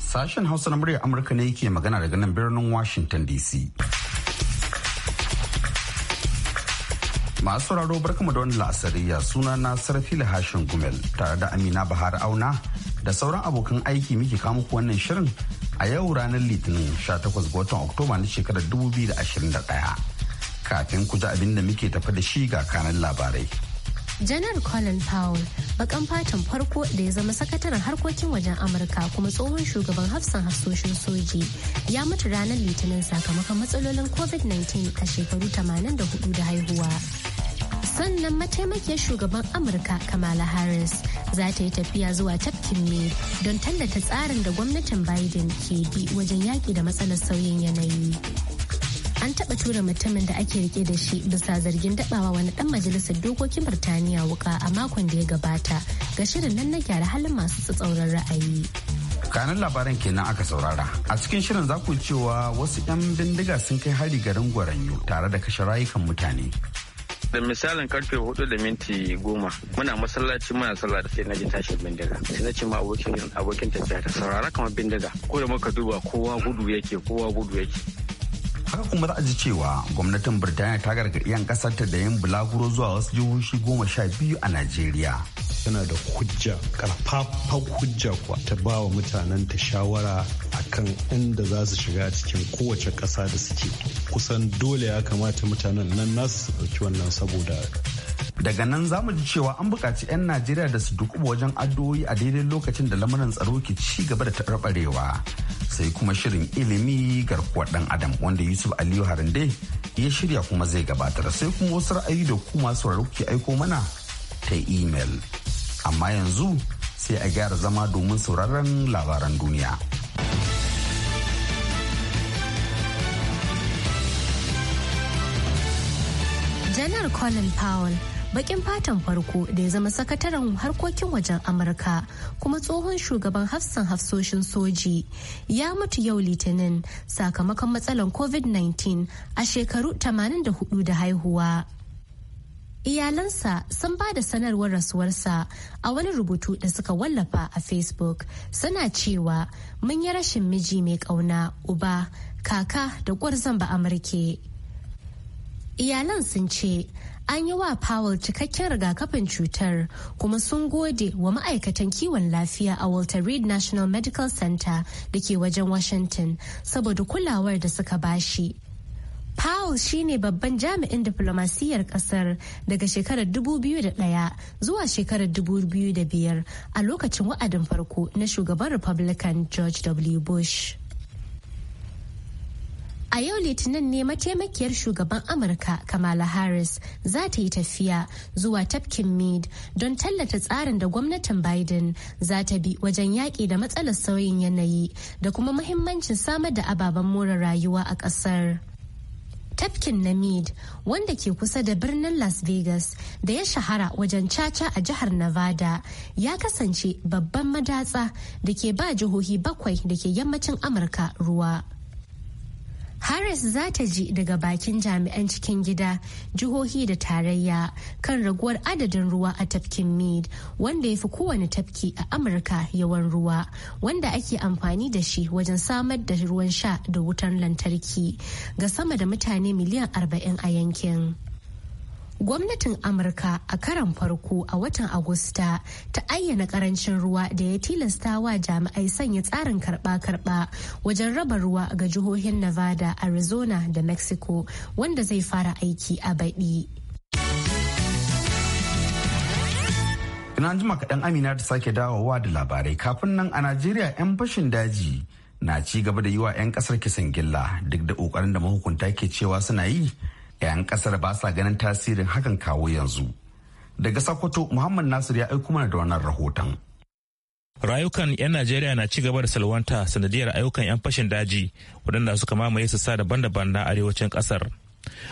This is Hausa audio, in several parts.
Sashen Hausa na muryar Amurka ne yake magana daga nan birnin Washington DC. Masu sauraro barkamu da wani la'asariya suna na Sarfila Hashin Gumel tare da Amina Bahar Auna da sauran abokan aiki muke kawo muku wannan shirin a yau ranar Litinin 18 ga watan Oktoba na shekarar 2021. kafin ku ji abin da muke tafi da shi ga kanan labarai. janar colin powell bakan fatan farko da ya zama sakataren harkokin wajen amurka kuma tsohon shugaban hafsan hafsoshin soji ya mutu ranar litinin sakamakon matsalolin covid-19 a shekaru 84 da haihuwa sannan mataimakiyar shugaban amurka kamala harris za ta yi tafiya zuwa tafkin ne don tallata tsarin da gwamnatin biden ke bi wajen yaki da matsalar sauyin yanayi an taɓa tura mutumin da ake rike da shi bisa zargin dabawa wani dan majalisar dokokin birtaniya wuka a makon da ya gabata ga shirin nan na gyara halin masu tsatsauran ra'ayi kanan labaran kenan aka saurara a cikin shirin za ku cewa wasu 'yan bindiga sun kai hari garin gwaranyo tare da kashe rayukan mutane da misalin karfe hudu da minti goma muna masallaci muna sallah da sai na ji tashin bindiga sai na ce ma abokin abokin tafiya ta saurara kamar bindiga ko da muka duba kowa gudu yake kowa gudu yake haka kuma za a ji cewa gwamnatin birtaniya ta gargaɗi 'yan ƙasarta da yin bulaguro zuwa wasu jihohi goma sha biyu a najeriya tana da hujja karfafan hujja kuwa ta ba wa mutanen ta shawara a kan inda za su shiga cikin kowace ƙasa da suke kusan dole ya kamata mutanen nan nasu su ɗauki wannan saboda daga nan za mu ji cewa an buƙaci 'yan najeriya da su duk wajen addu'o'i a daidai lokacin da lamarin tsaro ke ci gaba da taɓarɓarewa sai kuma shirin ilimi garkuwar ɗan adam wanda yusuf aliyu harande ya shirya kuma zai gabatar sai kuma wasu ra'ayi da ku masu ke aiko mana ta imel amma yanzu sai a gyara zama domin sauraron labaran duniya janar colin powell bakin fatan farko da ya zama sakataren harkokin wajen amurka kuma tsohon shugaban hafsan hafsoshin soji ya mutu yau litinin sakamakon matsalan covid-19 a shekaru 84 da haihuwa iyalansa sun ba da sanarwar rasuwarsa a wani rubutu da suka wallafa a facebook suna cewa mun yi rashin miji mai kauna uba kaka da gwarzon ba amurke iyalan sun ce an yi wa Powell cikakken rigakafin cutar kuma sun gode wa ma'aikatan kiwon lafiya a Walter Reed National Medical Center da ke wajen Washington saboda kulawar da suka bashi. Powell shine babban jami'in diplomasiyyar kasar daga shekarar 2001 zuwa shekarar 2005 a lokacin wa'adin farko na shugaban Republican George W. Bush. A yau Litinin ne mataimakiyar shugaban Amurka Kamala Harris za ta yi tafiya zuwa tafkin Mead don tallata tsarin da gwamnatin Biden za ta bi wajen yaƙi da matsalar sauyin yanayi da kuma mahimmancin samar da ababen more rayuwa a ƙasar. tafkin na Mead wanda ke kusa da birnin Las Vegas da ya shahara wajen caca a jihar Nevada ya kasance babban madatsa da ke ba jihohi bakwai da ke yammacin Amurka ruwa. Harris za ta ji daga bakin jami'an cikin gida, jihohi da tarayya kan raguwar adadin ruwa a tafkin Mead wanda ya fi kowane tafki a Amurka yawan ruwa wanda ake amfani da shi wajen samar da ruwan sha da wutar lantarki ga sama da mutane miliyan 40 a yankin. gwamnatin amurka a karan farko a watan agusta ta ayyana karancin ruwa da ya tilasta wa jami'ai sanya tsarin karba-karba wajen raba ruwa ga jihohin nevada arizona da mexico wanda zai fara aiki a baɗi ina jima kaɗan amina ta sake dawowa da labarai kafin nan a najeriya 'yan fashin daji na ci gaba da yi wa 'yan ƙasar kisan gilla duk da ƙoƙarin da mahukunta ke cewa suna yi 'yan kasar ba sa ganin tasirin hakan kawo yanzu daga sokoto muhammad nasir ya aiko mana da wannan rahoton rayukan 'yan najeriya na ci gaba da salwanta sanadiyar ayyukan 'yan fashin daji waɗanda suka mamaye su sa daban-daban na arewacin ƙasar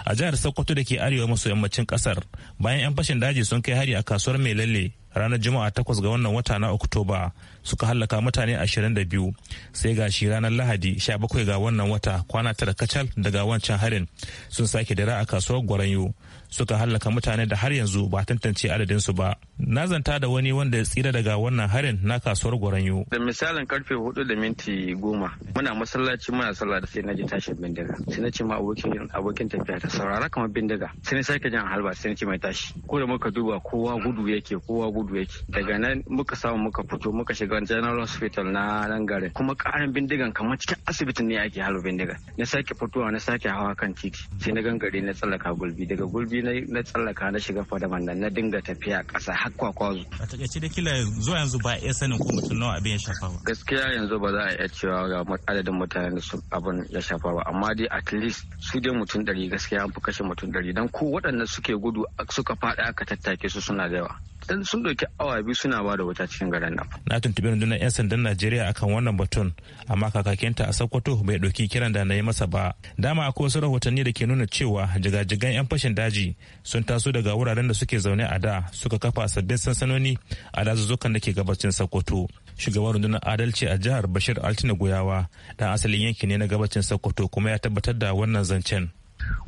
a jihar sokoto da ke arewa maso yammacin ƙasar bayan 'yan fashin daji sun kai hari a kasuwar mai lalle ranar juma'a takwas ga wannan wata na oktoba suka hallaka mutane ashirin da biyu sai gashi ranar lahadi sha bakwai ga wannan wata kwana tara kacal daga wancan harin sun sake dira a kasuwar gwaranyo suka hallaka mutane da har yanzu ba tantance adadinsu ba na zanta da wani wanda ya tsira daga wannan harin na kasuwar gwaranyo da misalin karfe hudu da minti goma muna masallaci muna sallah da sai na ji tashin bindiga sai na ce ma abokin abokin tafiya ta saurara kamar bindiga sai na sake jan halba sai na ce mai tashi ko da muka duba kowa gudu yake kowa gudu yake daga nan muka samu muka fito muka shiga general hospital na nan garin kuma karin bindigan kamar cikin asibitin ne ake halu bindiga na sake fitowa na sake hawa kan titi sai na gangare na tsallaka gulbi daga gulbi na tsallaka na shiga fadaman nan na dinga tafiya ƙasa har kwakwazo. A takaice da kila zuwa yanzu ba a iya sanin ko mutum nawa abin ya shafa ba. Gaskiya yanzu ba za a iya cewa ga adadin mutanen da su abin ya shafa ba amma dai at least su dai mutum ɗari gaskiya an fi kashe mutum ɗari dan ko waɗanda suke gudu suka faɗi aka tattake su suna da yawa. dan sun ɗauki awa biyu suna ba da wuta cikin garin nan. Na tuntuɓi rundunar 'yan sandan Najeriya akan wannan batun amma kakakinta a Sokoto bai ɗauki kiran da na yi masa ba. Dama akwai wasu rahotanni da ke nuna cewa jigajigan 'yan fashin daji sun taso daga wuraren da suke zaune a da suka kafa sabbin sansanoni a dazuzzukan da ke gabacin Sokoto. shugaban rundunar adalci a jihar bashir altina goyawa dan asalin yanki ne na gabacin sokoto kuma ya tabbatar da wannan zancen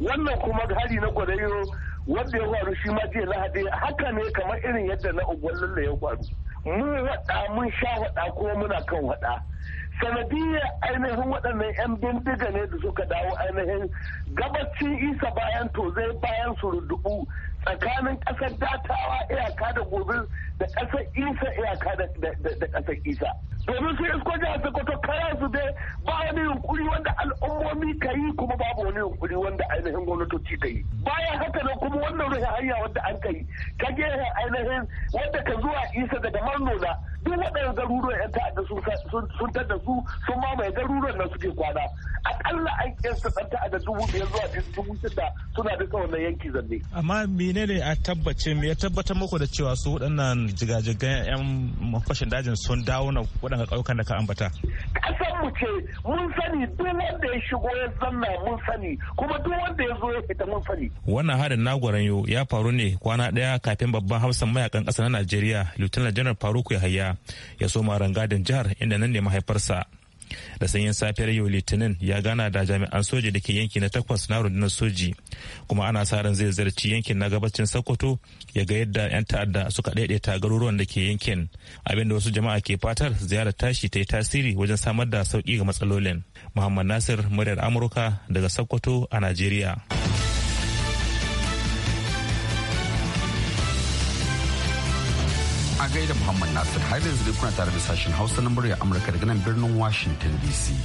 wannan kuma hali na kwadayo wanda ya faru shi ma jiya lahadi haka ne kamar irin yadda na lalle ya faru mun haɗa mun sha waɗa kuma muna kan waɗa sanadiyar ainihin waɗannan 'yan bindiga ne da suka dawo ainihin gabacin isa bayan to zai bayan surudubu tsakanin ƙasar datawa iyaka da gobe da ƙasar isa iyaka da ƙasar isa domin su isko jihar sokoto kayan su dai ba wani yunkuri wanda al'ummomi ka yi kuma babu wani yunkuri wanda ainihin gwamnatoci ka yi bayan haka nan kuma wannan rufe hanya wanda an ka yi ka ainihin wanda ka zuwa isa daga marnona duk waɗannan garuruwan 'yan ta'adda sun tada su sun mamaye garuruwan nan suke kwana akalla an kiyasta ɗan ta'adda dubu biyar zuwa dubu shida suna da kawai na yanki zanne. amma menene a tabbace me ya tabbatar muku da cewa su waɗannan jigajigan 'yan mafashin dajin sun dawo na waɗannan ƙauyukan da ka ambata. ƙasar mu ce mun sani duk wanda ya shigo ya zanna mun sani kuma duk wanda ya zo ya fita mun sani. wannan harin na gwaranyo ya faru ne kwana ɗaya kafin babban hausan mayakan ƙasa na najeriya lieutenant general faruk yahaya ya ya soma rangadin jihar inda nan ne mahaifarsa da sanyin safiyar yau litinin ya gana da jami'an soji da ke yanki na takwas na rundunar soji kuma ana sa ran zai zarci yankin na gabacin sokoto ya ga yadda 'yan ta'adda suka daidaita garuruwan da ke yankin abinda wasu jama'a ke fatar ziyarar tashi ta yi tasiri wajen samar da sauki ga matsalolin muhammad nasir muryar amurka daga sokoto a najeriya a gaida Muhammad Nasir har yanzu dai kuna tare da sashen Hausa na murya Amurka daga nan birnin Washington DC.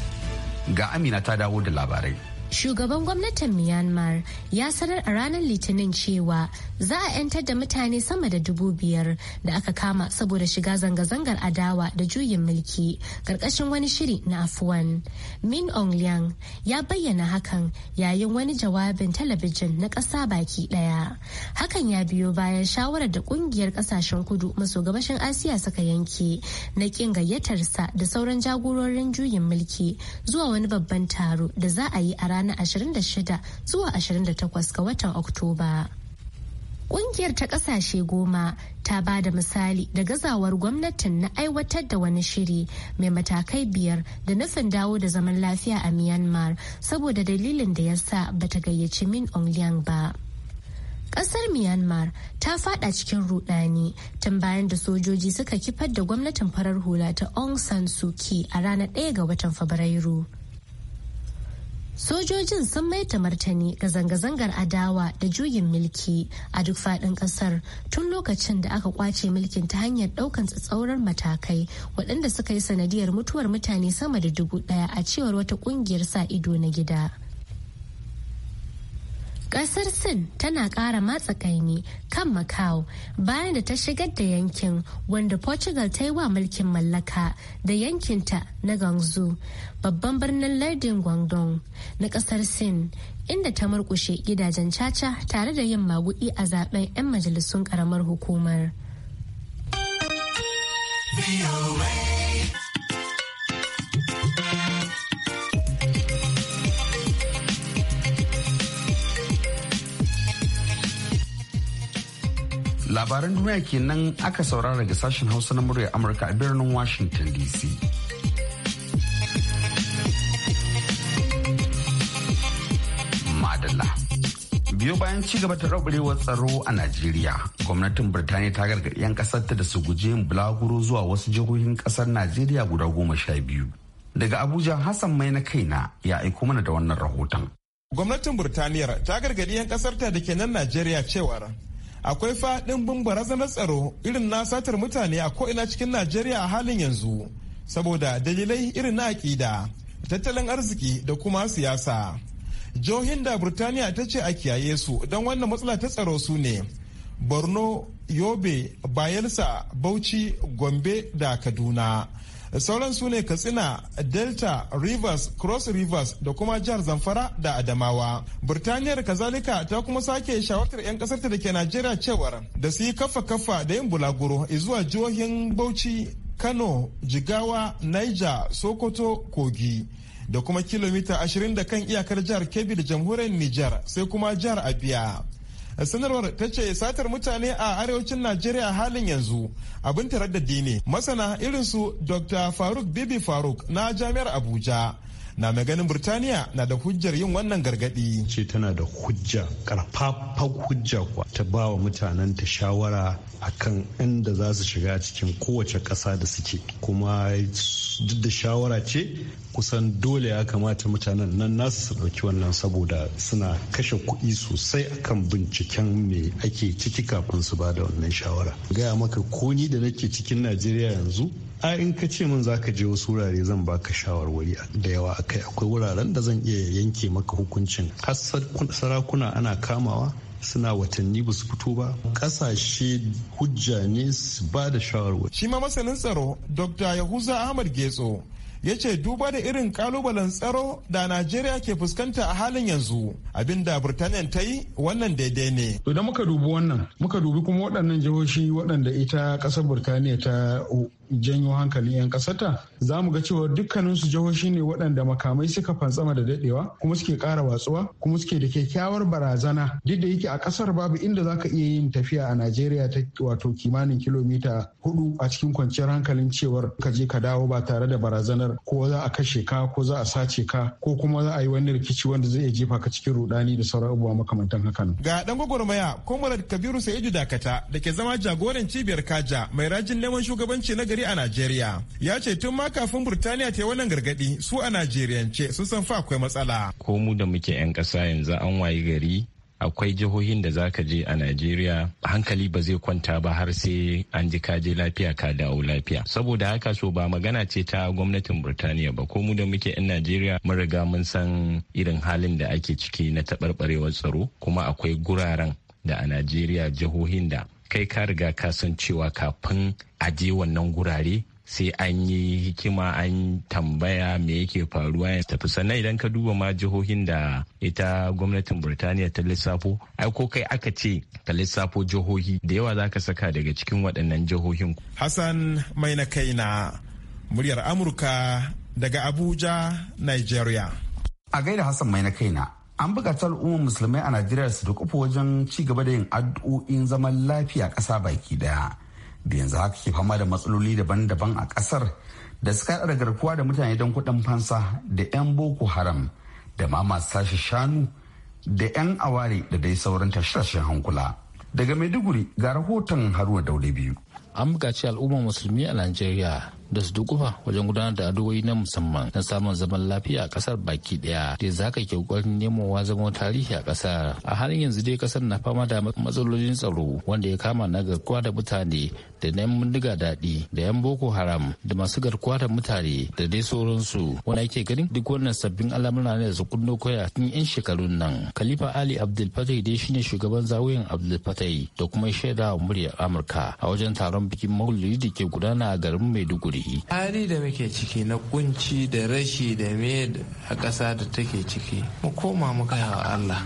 Ga Amina ta dawo da labarai. Shugaban gwamnatin Myanmar ya sanar a ranar Litinin cewa za a 'yantar da mutane sama da dubu biyar da aka kama saboda shiga zanga-zangar adawa da juyin mulki ƙarƙashin wani shiri na afuwan. Min ong liang ya bayyana hakan yayin wani jawabin talabijin na ƙasa baki ɗaya. Hakan ya biyo bayan shawarar da ƙungiyar ƙasashen kudu maso gabashin Asiya suka yanke na ƙin gayyatarsa da sauran jagororin juyin mulki zuwa wani babban taro da za a yi a ranar ranar 26 zuwa 28 ga watan Oktoba. Ƙungiyar ta ƙasashe goma ta ba da misali da gazawar gwamnatin na aiwatar da wani shiri mai matakai biyar da nufin dawo da zaman lafiya a Myanmar saboda dalilin da ya sa ba ta gayyaci Min Aung ba. Ƙasar myanmar ta fada cikin rudani tun bayan da sojoji suka kifar da gwamnatin farar hula ta aung san suu kyi a ranar 1 ga watan fabrairu Sojojin sun maita martani ga zanga-zangar adawa da juyin mulki a duk faɗin ƙasar tun lokacin da aka kwace mulkin ta hanyar ɗaukan tsatsauran matakai waɗanda suka yi sanadiyar mutuwar mutane sama da dubu ɗaya a cewar wata ƙungiyar sa ido na gida. Kasar Sin tana ƙara matsa kaini kan Macau bayan da ta shigar da yankin wanda Portugal ta yi wa mulkin mallaka da yankinta na Gangzu, babban birnin lardin Guangdong na kasar Sin, inda ta murkushe gidajen caca tare da yin magudi a zaben 'yan majalisun ƙaramar hukumar. labaran duniya kenan aka saurara daga sashen hausa na muryar amurka a birnin washington dc madalla biyo bayan ci gaba ta ɗaurewar tsaro a najeriya gwamnatin birtaniya ta gargaɗi 'yan ƙasarta da su guji yin bulaguro zuwa wasu jihohin ƙasar najeriya guda goma sha biyu daga abuja hassan mai na kaina ya aiko mana da wannan rahoton gwamnatin birtaniyar ta gargaɗi 'yan ƙasarta da ke nan najeriya cewar akwai faɗin bin barazanar tsaro irin na satar mutane a ko'ina cikin najeriya a halin yanzu saboda dalilai irin na aƙida tattalin arziki da kuma siyasa jihohin da burtaniya ta ce a kiyaye su don wannan matsala ta tsaro su ne borno yobe bayelsa bauchi gombe da kaduna sauran su ne katsina delta rivers cross rivers da kuma jihar zamfara da adamawa birtaniyar kazalika ta kuma sake shawartar 'yan kasarta da ke najeriya cewar da su yi kafa kafa da yin bulaguro zuwa jihohin bauchi kano jigawa niger sokoto kogi da kuma kilomita 20 da kan iyakar jihar kebbi da jamhuriyar niger sai kuma jihar abia sanarwar ta ce satar mutane a arewacin najeriya halin yanzu abin taraddadi ne masana irinsu dr faruk bibi faruk na jami'ar abuja na mai ganin Burtaniya na da hujjar yin wannan gargaɗi. Ce tana da hujja, karfafan hujja kuwa ta ba wa mutanen ta shawara kan inda za su shiga cikin kowace ƙasa da suke. Kuma duk da shawara ce kusan dole ya kamata mutanen nan nasu su ɗauki wannan saboda suna kashe kuɗi sosai akan binciken me ake ciki kafin su ba da wannan shawara. Gaya maka ko ni da nake cikin Najeriya yanzu a in ka ce min za ka je wasu wurare zan baka shawarwari da yawa akai akwai wuraren da zan iya yanke maka hukuncin har sarakuna ana kamawa suna watanni ba su fito ba kasashe hujja ne su ba da shawarwari shi ma masanin tsaro dr yahuza ahmad getso ya ce duba da irin kalubalen tsaro da najeriya ke fuskanta a halin yanzu abinda birtaniya ta yi wannan daidai ne da muka dubi wannan muka dubi kuma waɗannan jihohi waɗanda ita ƙasar birtaniya ta janyo hankali 'yan kasata za mu ga cewa dukkanin su jihohi ne waɗanda makamai suka fantsama da daɗewa kuma suke kara watsuwa kuma suke da kyakkyawar barazana duk da yake a kasar babu inda za ka iya yin tafiya a najeriya ta wato kimanin kilomita hudu a cikin kwanciyar hankalin cewar ka je ka dawo ba tare da barazanar ko za a kashe ka ko za a sace ka ko kuma za a yi wani rikici wanda zai iya jefa ka cikin rudani da sauran abubuwa makamantan hakan. Ga dan gwagwarmaya Comrade Kabiru Sa'idu Dakata da ke zama jagoran cibiyar Kaja mai rajin neman shugabanci na gari a Najeriya. Ya ce tun ma kafin Burtaniya ta yi wannan gargadi su a Najeriyance sun san fa akwai matsala. Ko mu da muke 'yan ƙasa yanzu an wayi gari akwai jihohin da za ka je a Najeriya hankali ba zai kwanta ba har sai an ji kaje lafiya ka dawo lafiya. Saboda haka so ba magana ce ta gwamnatin Burtaniya ba ko mu da muke 'yan Najeriya mun riga mun san irin halin da ake ciki na taɓarɓarewar tsaro kuma akwai guraren da a Najeriya jihohin da kai ka riga ka san cewa kafin a je wannan gurare sai an yi hikima an tambaya me yake faruwa ya tafi sannan idan ka duba ma jihohin da ita gwamnatin burtaniya ta lissafo ai ko kai aka ce ka lissafo jihohi da yawa za ka saka daga cikin waɗannan jihohin hassan mai na kai na muryar amurka daga abuja nigeria a gaida hassan mai na kaina an bukaci al'ummar musulmai a najeriya su da kufu wajen ci gaba da yin addu'o'in zaman lafiya ƙasa baki daya da yanzu haka ke fama da matsaloli daban-daban a ƙasar da suka haɗa garkuwa da mutane don kuɗin fansa da 'yan boko haram da ma masu sashi shanu da 'yan aware da dai sauran tashe-tashen hankula daga maiduguri ga rahoton haruwa daure biyu an bukaci al'ummar musulmi a najeriya da su dukufa wajen gudanar da addu'o'i na musamman na samun zaman lafiya a kasar baki daya da za ka ke kokarin nemowa zama tarihi a kasar a halin yanzu dai kasar na fama da matsalolin tsaro wanda ya kama na garkuwa da mutane da na yan bindiga daɗi da yan boko haram da masu garkuwa da mutane da dai sauransu wanda yake ganin duk wannan sabbin al'amura ne da su kunno koya tun yan shekarun nan khalifa ali abdul fatai dai shine shugaban zawuyin abdul fatai da kuma shaida wa muryar amurka a wajen taron bikin maulidi da ke gudana a garin maiduguri yi. hali da muke ciki na kunci da rashi da me a ƙasa da take ciki mu koma muka wa Allah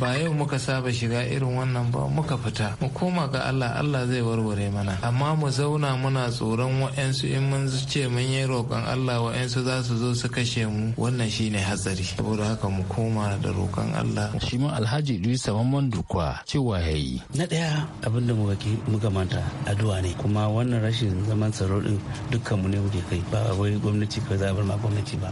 ba yau muka saba shiga irin wannan ba muka fita mu koma ga Allah Allah zai warware mana amma mu zauna muna tsoron wa'ansu in mun ce mun yi roƙon Allah wa'yansu za su zo su kashe mu wannan shi ne hatsari saboda haka mu koma da roƙon Allah shi ma Alhaji Idris Mamman Dukwa cewa yi. na ɗaya abin da muka mu manta addu'a ne kuma wannan rashin zaman tsaro ɗin duk dukkanmu ne muke kai ba wai gwamnati kawai bar ma gwamnati ba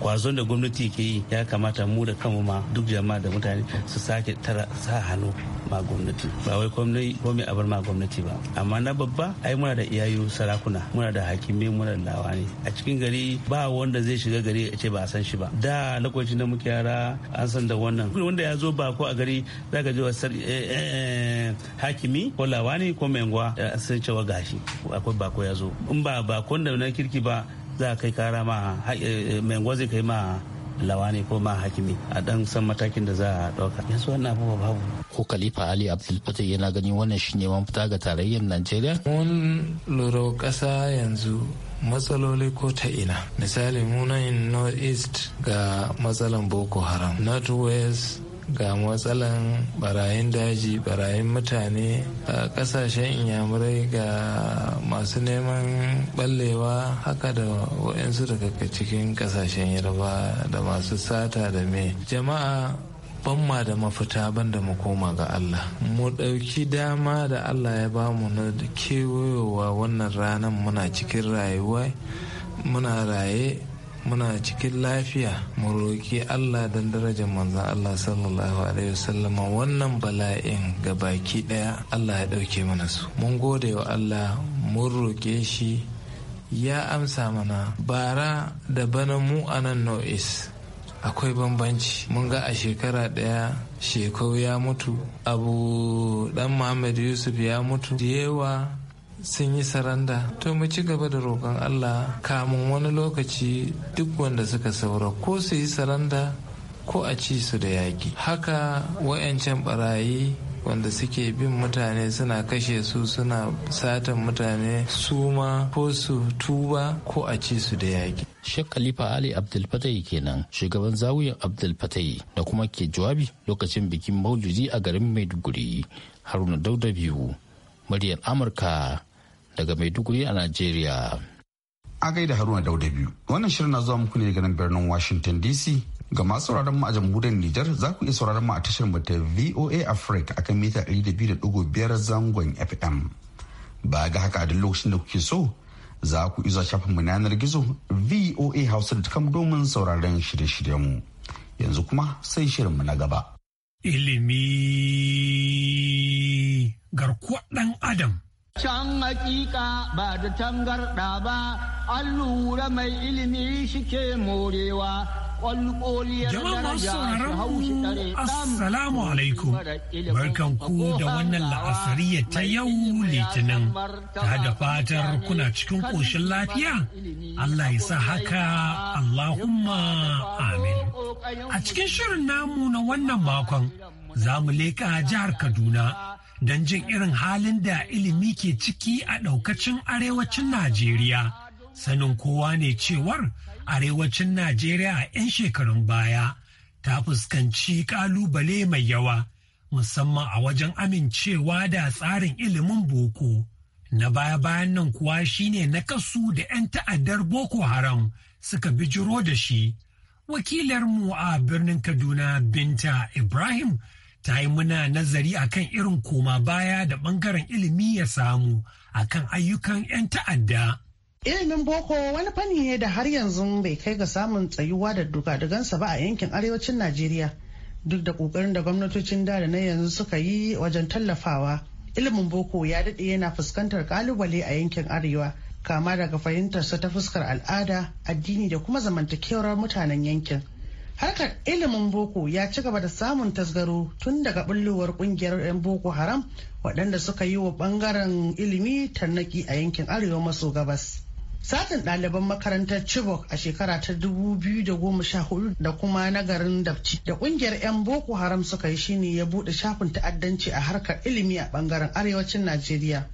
kwazon da gwamnati ke yi ya kamata mu da kanmu ma duk jama'a da mutane su sake tara sa hannu ma gwamnati ba wai komai abar ma gwamnati ba amma na babba ai muna da iyayu sarakuna muna da hakimai muna da lawani a cikin gari ba wanda zai shiga gari ya ce ba a san shi ba da lokacin da muke yara an san da wannan wanda ya zo ba ko a gari za ka je wa eh, eh, eh, hakimi ko lawani ko mai sai cewa gashi akwai bako ya zo in ba bakon da na kirki ba za a kai kara ma eh, eh, mai gwazi kai ma lawani ko ma hakimi a dan san matakin da za a dauka yanzu wannan abubuwa babu ko khalifa ali abdulfatah yana gani wannan shine fita ga tarayyar najeriya mun lura kasa yanzu matsaloli ko ta ina misali munayin north east ga matsalan boko haram north west ga matsalan barayin daji barayin mutane a kasashen inyamurai ga masu neman ballewa haka da wa'insu daga cikin kasashen yarba da masu sata da me jama'a ban ma da mafita ban da mu koma ga Allah. Mu ɗauki dama da Allah ya ba mu na kewayowa wannan ranar muna cikin rayuwa muna raye muna cikin lafiya mu roƙi allah don darajar manzan allah sallallahu alaihi wasallam wannan bala'in ga baki ɗaya allah ya ɗauke mana su mun gode wa allah mun roƙe shi ya amsa mana bara da bana mu a nan no'is akwai bambanci mun ga a shekara ɗaya shekau ya mutu abu dan muhammad yusuf ya mutu da sun yi saranda to mu ci gaba da roƙon allah kamun wani lokaci duk wanda suka saura ko su yi saranda ko a ci su da yaƙi haka wayancan barayi wanda suke bin mutane suna kashe su suna satan mutane suma. ko su tuba ko a ci su da yaƙi Sheikh Khalifa Ali Abdul Fatai kenan shugaban zawuyan Abdul Fatai da kuma ke jawabi lokacin bikin Maulidi a garin Maiduguri Haruna Dauda biyu muryar Amurka daga Maiduguri a Najeriya. A gaida Haruna Dauda biyu. Wannan shirin na zuwa muku ne daga nan birnin Washington DC. Ga masu sauraron mu a jamhuriyar Nijar za ku iya sauraron mu a tashar mu ta VOA Africa akan mita 200.5 zangon FM. Ba ga haka a duk lokacin da kuke so za ku iya zuwa shafin mu na yanar gizo VOA hausa da kam domin sauraron shirye-shiryen mu. Yanzu kuma sai shirin mu na gaba. Ilimi garkuwar ɗan Adam. Can hakika ba da tangarɗa ba, an lura mai ilimi shi ke morewa, Jama'a masu sauraron Assalamu alaikum, barkan ku da wannan la'asariya ta yau litinin, ta da fatar kuna cikin ƙoshin lafiya, Allah ya sa haka Allahumma amin. A cikin shirin namu na wannan makon, za mu leƙa jihar Kaduna. don jin irin halin da ilimi ke ciki a ɗaukacin arewacin Najeriya. Sanin kowa ne cewar arewacin Najeriya a 'yan shekarun baya ta fuskanci ƙalubale mai yawa musamman a wajen amincewa da tsarin ilimin boko. Na baya-bayan nan kuwa shine na kasu da 'yan ta'addar Boko Haram suka bijiro da shi. Wakilarmu a birnin Kaduna Binta Ibrahim ta yi muna nazari akan irin koma baya da bangaren ilimi ya samu akan ayyukan 'yan ta'adda. Ilimin boko wani fanni ne da har yanzu bai kai ga samun tsayuwa da dugadugansa ba a yankin arewacin Najeriya duk da kokarin da gwamnatocin da na yanzu suka yi wajen tallafawa. Ilimin boko ya daɗe yana fuskantar kalubale a yankin arewa kama daga fahimtarsa ta fuskar al'ada, addini da kuma zamantakewar mutanen yankin. harkar ilimin boko ya ci gaba da samun tasgaro tun daga bullowar kungiyar 'yan boko haram waɗanda suka yi wa ɓangaren ilimi tarnaki a yankin arewa maso gabas satin ɗaliban makarantar chibok a shekara ta 2014 da kuma na garin dabci da kungiyar 'yan boko haram suka yi shine ya buɗe shafin ta'addanci a harkar ilimi a ɓangaren arewacin najeriya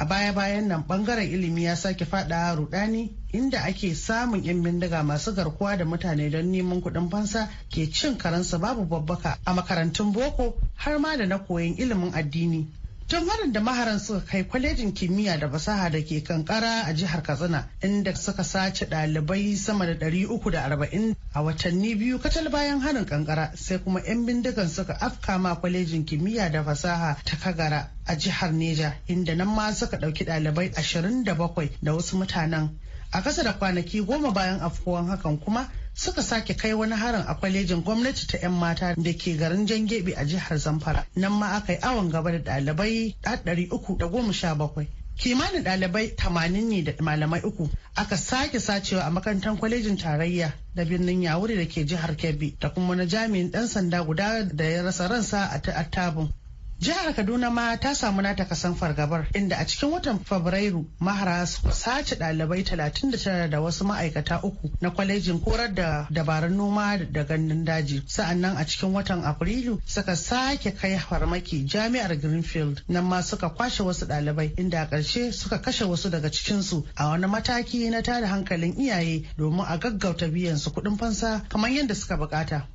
a baya-bayan nan bangaren ilimi ya sake fada rudani inda ake samun 'yan bindiga masu garkuwa da mutane don neman kuɗin fansa ke cin karansa babu babbaka a makarantun boko har ma da na koyon ilimin addini tun harin da maharan suka kai kwalejin kimiyya da fasaha da ke kankara a jihar katsina inda suka sace dalibai sama da 340 a watanni biyu kacal bayan harin kankara sai kuma 'yan bindigan suka afka ma kwalejin kimiyya da fasaha ta kagara a jihar neja inda nan ma suka ɗauki ɗalibai 27 da wasu mutanen a kasa da kwanaki goma bayan afkuwan hakan kuma suka sake kai wani harin a kwalejin gwamnati ta 'yan mata da ke garin jangebe a jihar zamfara nan ma aka yi awon gaba da ɗalibai bakwai. kimanin dalibai 80 ne da malamai uku aka sake sacewa a makarantar kwalejin tarayya da birnin yawuri da ke jihar kebbi da kuma na jami'in ɗan sanda guda da ya rasa ransa a tabun Jihar Kaduna ma ta samu nata kasan fargabar inda a cikin watan Fabrairu mahara suka sace dalibai 39 da wasu ma'aikata uku na kwalejin korar da dabarun noma da gandun daji. Sa'annan a cikin watan Afrilu suka sake kai farmaki jami'ar Greenfield nan ma suka kwashe wasu dalibai inda a ƙarshe suka kashe wasu daga cikinsu a wani mataki na tada hankalin iyaye domin a gaggauta biyan su kuɗin fansa kamar yadda suka bukata.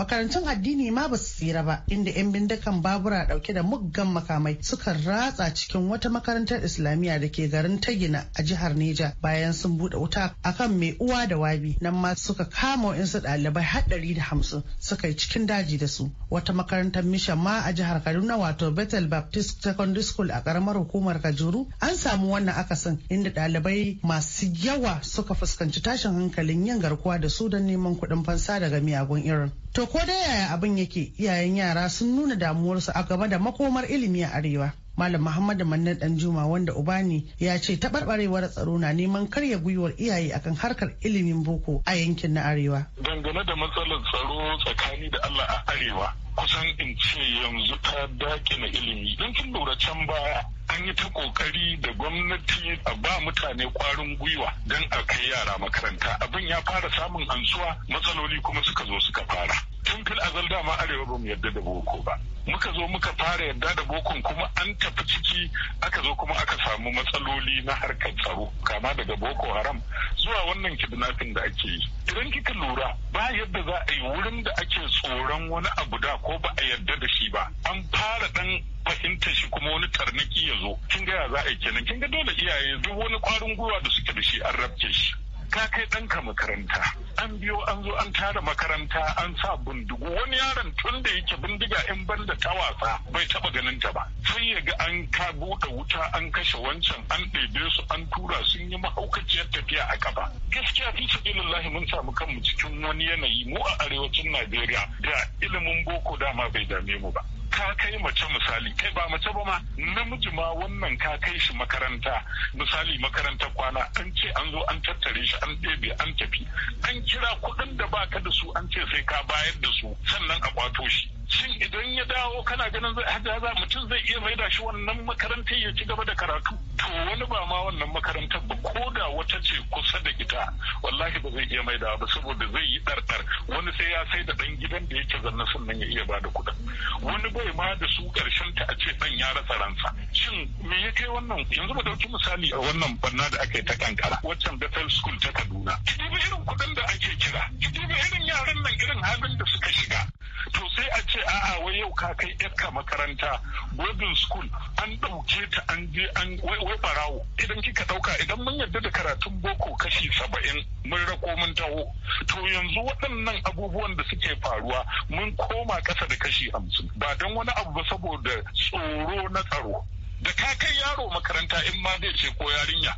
makarantun addini ma ba su tsira ba inda 'yan bindigan babura dauke da muggan makamai suka ratsa cikin wata makarantar islamiyya da ke garin tagina a jihar neja bayan sun bude wuta akan mai uwa da wabi nan ma suka kama su dalibai haɗari da hamsin suka yi cikin daji da su wata makarantar mishan ma a jihar kaduna wato bethel baptist secondary school a karamar hukumar kajuru an samu wannan akasin inda dalibai masu yawa suka fuskanci tashin hankalin yin garkuwa da su don neman kuɗin fansa daga miyagun irin to ko da yaya abin yake iyayen yara sun nuna damuwarsu a gaba da makomar ilimi a arewa Malam Muhammadu Mannan juma wanda uba ne ya ce taɓarɓarewar tsaro na neman karya gwiwar iyaye akan harkar ilimin boko a yankin na Arewa. Dangane da matsalar tsaro tsakani da Allah a Arewa kusan in ce yanzu ta dakina ilimi. Don kin lura can baya an yi ta kokari da gwamnati a ba mutane kwarin gwiwa don a kai yara makaranta. Abin ya fara samun ansuwa matsaloli kuma suka zo suka fara. tun fil azal dama arewa ba mu yarda da boko ba muka zo muka fara yarda da bokon kuma an tafi ciki aka zo kuma aka samu matsaloli na harkar tsaro kama daga boko haram zuwa wannan kidnapping da ake yi idan kika lura ba yadda za a yi wurin da ake tsoron wani abu da ko ba a yarda da shi ba an fara dan fahimta shi kuma wani tarnaki ya zo kin ga ya za a yi kenan kin ga dole iyaye duk wani kwarin gwiwa da suke da shi an rabce shi ka kai ɗanka makaranta an biyo an zo an tara makaranta an sa bindigo. wani yaron tun da yake bindiga in banda ta wasa bai taba ganin ta ba sai ya ga an ka buɗe wuta an kashe wancan an ɗebe su an tura sun yi mahaukaciyar tafiya a kafa gaskiya fi sabilillahi mun samu kanmu cikin wani yanayi mu a arewacin Najeriya da ilimin boko dama bai dame mu ba ka kai mace misali kai ba mace ba ma namiji ma wannan ka kai shi makaranta misali makarantar kwana an ce an zo an tattare shi an ɗebe an tafi an kira kuɗin da baka da su an ce sai ka bayar da su sannan a kwato shi shin idan ya dawo kana ganin zai za mutum zai iya maida shi wannan makarantar ya ci gaba da karatu to wani ba ma wannan makarantar ba ko da wata ce kusa da ita wallahi ba zai iya maida ba saboda zai yi ɗarɗar wani sai ya sai da ɗan gidan da yake zanna sannan ya iya bada kuɗin wani bai ma da su ƙarshen ta a ce ɗan ya rasa ransa shin me ya kai wannan yanzu mu dauki misali a wannan banna da aka ta kankara waccan Bethel School ta Kaduna ki irin kuɗin da ake kira ki duba irin yaran nan irin halin da suka shiga to sai a ce ce a'a wai yau ka kai yarka makaranta boarding school an ɗauke ta an je an wai barawo idan kika ɗauka idan mun yarda da karatun boko kashi saba'in mun rako mun taho to yanzu waɗannan abubuwan da suke faruwa mun koma ƙasa da kashi hamsin ba don wani abu ba saboda tsoro na tsaro da ka kai yaro makaranta in ma zai ce ko yarinya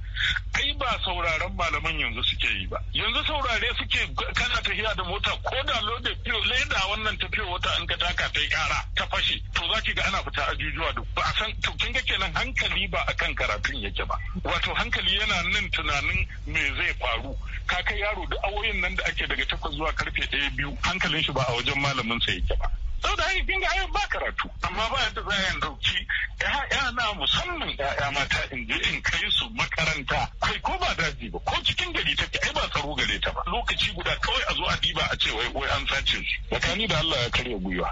ai ba sauraron malaman yanzu suke yi ba yanzu saurare suke kana tafiya da mota ko da lode fiyo leda wannan tafiya wata an ka taka ta kara ta fashe to za ki ga ana fita ajujuwa duk ba a san to kin ga kenan hankali ba akan karatun yake ba wato hankali yana nan tunanin me zai faru ka kai yaro duk awoyin nan da ake daga takwas zuwa karfe ɗaya biyu hankalin shi ba a wajen malamin sa yake ba saboda haka kinga, ga ai ba karatu amma ba yadda za a dauki ya na musamman ya'ya mata in je in kai su makaranta kai ko ba daji ba ko cikin gari take ai ba tsaro gare ta ba lokaci guda kawai a zo a diba a ce wai wai an sace shi. tsakani da Allah ya karya gwiwa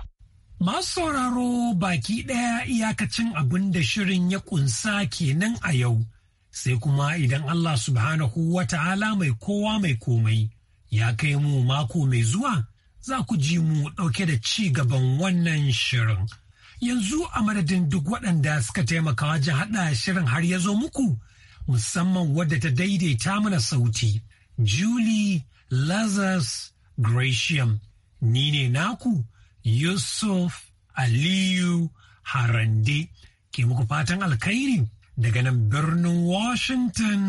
Masu sauraro baki ɗaya iyakacin abin da shirin ya kunsa kenan a yau, sai kuma idan Allah subhanahu wa ta'ala mai kowa mai komai ya kai mu mako mai zuwa za ku ji mu ɗauke da ci gaban wannan shirin. Yanzu a madadin duk waɗanda suka taimaka wajen haɗa shirin har ya zo muku, musamman wadda ta daidaita mana sauti, Julie Lazarus Gratiam. Ni ne naku Yusuf Aliyu Harande ke muku fatan alkhairi daga nan birnin Washington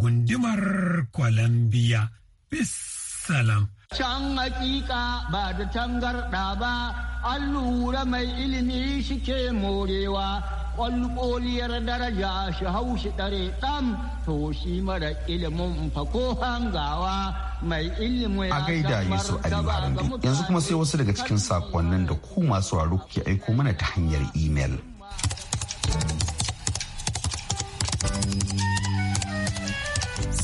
gundumar Columbia. Bis salam. Can hakika ba da tangarɗa ba, an lura mai ilimi shi ke morewa, ƙwalƙoliyar daraja shi hau shi ɗare ɗan, to shi mara ilimin fako hangawa mai ilimin ya A gaida ba Ali mutane. yanzu kuma sai wasu daga cikin saƙonnin da ku masu waro kuke aiko mana ta hanyar imel.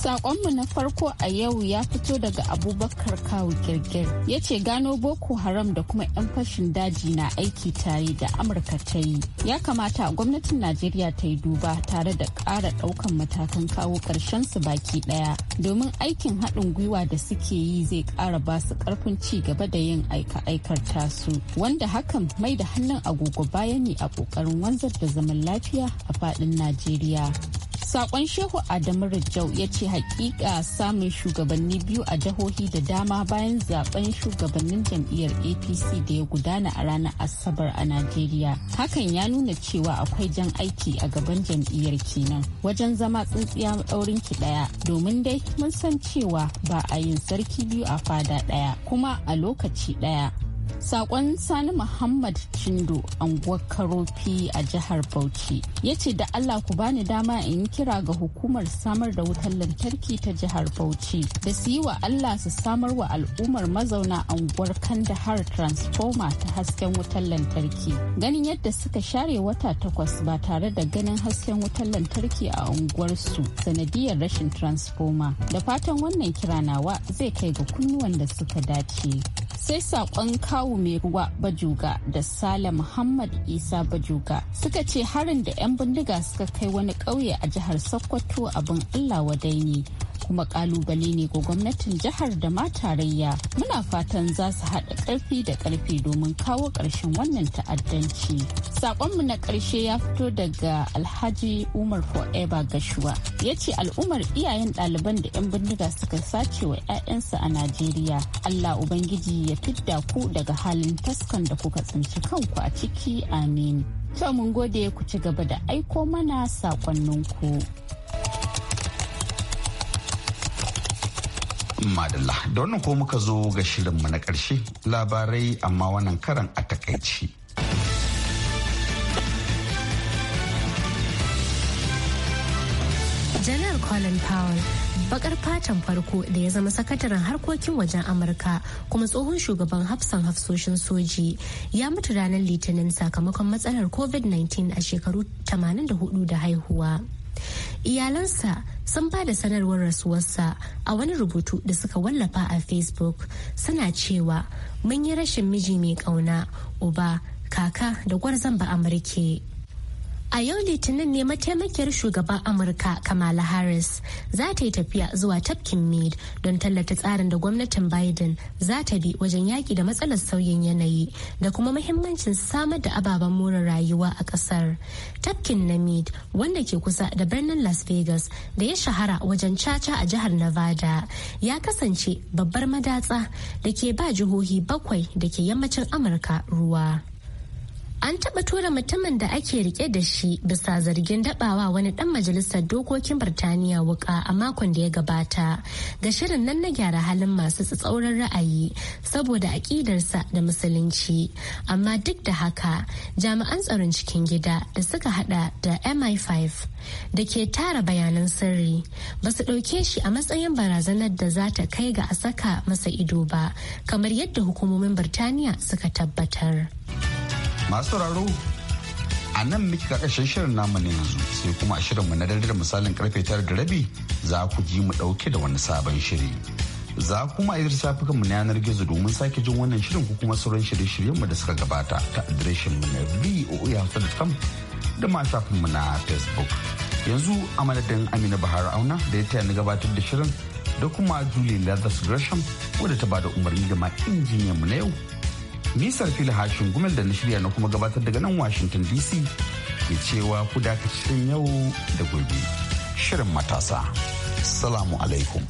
Sakonmu na farko a yau ya fito daga Abubakar Kawu Girgir. Ya ce gano Boko Haram da kuma 'yan fashin daji na aiki tare da Amurka ta yi. Ya kamata gwamnatin Najeriya ta yi duba tare da ƙara ɗaukan matakan kawo ƙarshen su baki ɗaya. Domin aikin haɗin gwiwa da suke yi zai ƙara ba su ƙarfin ci gaba da yin aika-aikar tasu. Wanda hakan mai da hannun agogo baya ne a ƙoƙarin wanzar da zaman lafiya a faɗin Najeriya. Sakon Shehu Adamu rajau ya ce hakika samun shugabanni biyu a jihohi da dama bayan zaben shugabannin jam'iyyar APC da ya gudana a ranar Asabar a Najeriya. Hakan ya nuna cewa akwai jan aiki a gaban jam'iyyar kenan wajen zama tsintsiya daurin ki daya domin dai mun san cewa ba a yin sarki biyu a fada daya kuma a lokaci daya Sakon Sani Muhammad Chindo anguwar Karofi a jihar Bauchi ya ce da Allah ku bani dama in kira ga hukumar samar da wutar lantarki ta jihar Bauchi da su yi wa Allah su samar wa al'ummar mazauna anguwar Kandahar Transformer ta hasken wutar lantarki. Ganin yadda suka share wata takwas ba tare da ganin hasken wutar lantarki a su sanadiyar rashin transformer. Da fatan wannan kira nawa zai kai ga kunnuwan da suka dace. sai sakon kawu mai ruwa bajuga da sale muhammad isa bajuga suka ce harin da 'yan bindiga suka kai wani ƙauye a jihar sokoto abin allah wadai ne kuma kalubale ne ga gwamnatin jihar da ma tarayya muna fatan za su haɗa ƙarfi da ƙarfi domin kawo ƙarshen wannan ta'addanci saƙonmu na ƙarshe ya fito daga alhaji umar forever gashuwa ya ce al'ummar iyayen ɗaliban da 'yan bindiga suka sace wa 'ya'yansu a najeriya allah ubangiji ya fidda ku daga halin taskan da kuka tsinci kanku a ciki amin to mun gode ku ci gaba da aiko mana saƙonninku. madalla da wannan ko muka zo ga shirinmu na ƙarshe labarai amma wannan karan a takaici. janar colin powell bakar fatan farko da ya zama sakataren harkokin wajen amurka kuma tsohon shugaban hafsan hafsoshin soji ya mutu ranar litinin sakamakon matsalar covid-19 a shekaru 84 da haihuwa iyalansa sun ba da sanarwar rasuwarsa a wani rubutu da suka wallafa a facebook suna cewa mun yi rashin miji mai kauna uba kaka da gwarzon ba amurke. A yau Litinin ne mataimakiyar shugaban Amurka Kamala Harris za ta yi tafiya zuwa tafkin Mead don tallata tsarin da gwamnatin Biden za ta bi wajen yaki da matsalar sauyin yanayi da kuma mahimmancin samar da ababen more rayuwa a ƙasar. Tafkin na Mead wanda ke kusa da birnin Las Vegas da ya shahara wajen caca a jihar Nevada ya kasance babbar madatsa da ke ba jihohi bakwai da ke yammacin Amurka ruwa. An taɓa tura mutumin da ake rike da shi bisa zargin dabawa wani ɗan majalisar dokokin Birtaniya wuka a makon da ya gabata ga shirin nan na gyara halin masu tsatsauran ra'ayi saboda aƙidarsa da musulunci. Amma duk da haka jami'an tsaron cikin gida da suka hada da MI5 da ke tara bayanan sirri ba su ɗauke shi a matsayin barazanar da za ta kai ga a saka masa ido ba kamar yadda hukumomin Birtaniya suka tabbatar. masu sauraro a nan miki kakashin shirin namu ne yanzu sai kuma a shirinmu na dare misalin karfe tara da rabi za ku ji mu ɗauke da wani sabon shiri za kuma iya kanmu na yanar gizo domin sake jin wannan shirin ko kuma sauran shirye-shiryenmu da suka gabata ta adireshinmu na voa.com da ma shafinmu na facebook yanzu a madadin amina bahar auna da ya taya ni gabatar da shirin da kuma julie lathas gresham wadda ta bada umarni da ma injiniyan mu na yau ni fili hashin gumel da na shirya na kuma gabatar daga nan washington dc ke cewa ku dakacin yau da gobe shirin matasa salamu alaikum